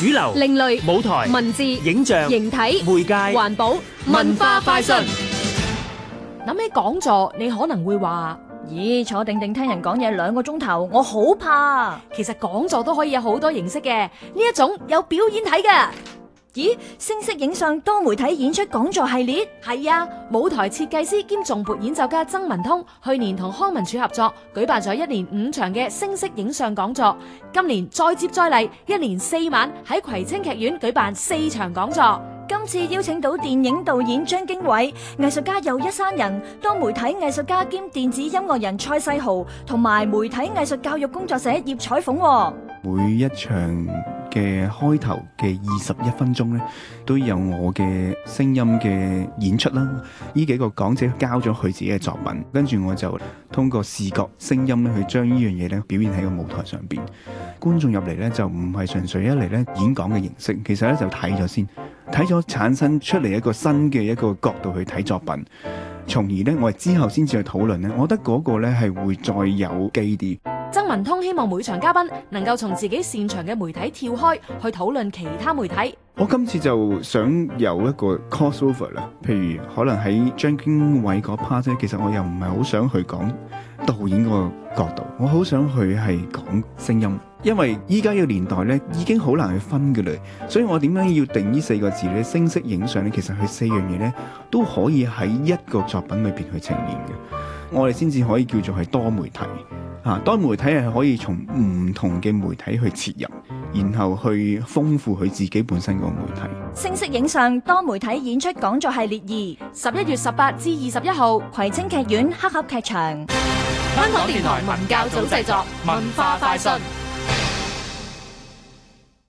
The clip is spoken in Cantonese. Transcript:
主流、另類、舞臺、文字、影像、形體、媒介、環保、文化快訊。諗起講座，你可能會話：「咦，坐定定聽人講嘢兩個鐘頭，我好怕。其實講座都可以有好多形式嘅，呢一種有表演睇嘅。咦，聲色影像多媒體演出講座系列係啊！舞台設計師兼重撥演奏家曾文通去年同康文署合作舉辦咗一年五場嘅聲色影像講座，今年再接再厲，一年四晚喺葵青劇院舉辦四場講座。今次邀請到電影導演張經緯、藝術家又一山人、多媒體藝術家兼電子音樂人蔡世豪，同埋媒體藝術教育工作者葉彩鳳。每一場嘅開頭嘅二十一分鐘呢，都有我嘅聲音嘅演出啦。呢幾個講者交咗佢自己嘅作品，跟住我就通過視覺聲音呢、聲音去將呢樣嘢呢表現喺個舞台上邊。觀眾入嚟呢，就唔係純粹一嚟呢演講嘅形式，其實呢，就睇咗先，睇咗產生出嚟一個新嘅一個角度去睇作品，從而呢，我哋之後先至去討論呢。我覺得嗰個呢係會再有機啲。曾文通希望每場嘉賓能夠從自己擅長嘅媒體跳開去討論其他媒體。我今次就想有一個 crossover 啦，譬如可能喺張經緯嗰 part，其實我又唔係好想去講導演嗰個角度，我好想去係講聲音，因為依家嘅年代咧已經好難去分嘅嘞。所以我點樣要定呢四個字咧？聲色影相咧，其實佢四樣嘢咧都可以喺一個作品裏邊去呈現嘅，我哋先至可以叫做係多媒體。多媒體係可以從唔同嘅媒體去切入，然後去豐富佢自己本身個媒體。聲色影相多媒體演出講座系列二，十一月十八至二十一號，葵青劇院黑盒劇場。香港電台文教組製作，文化快訊。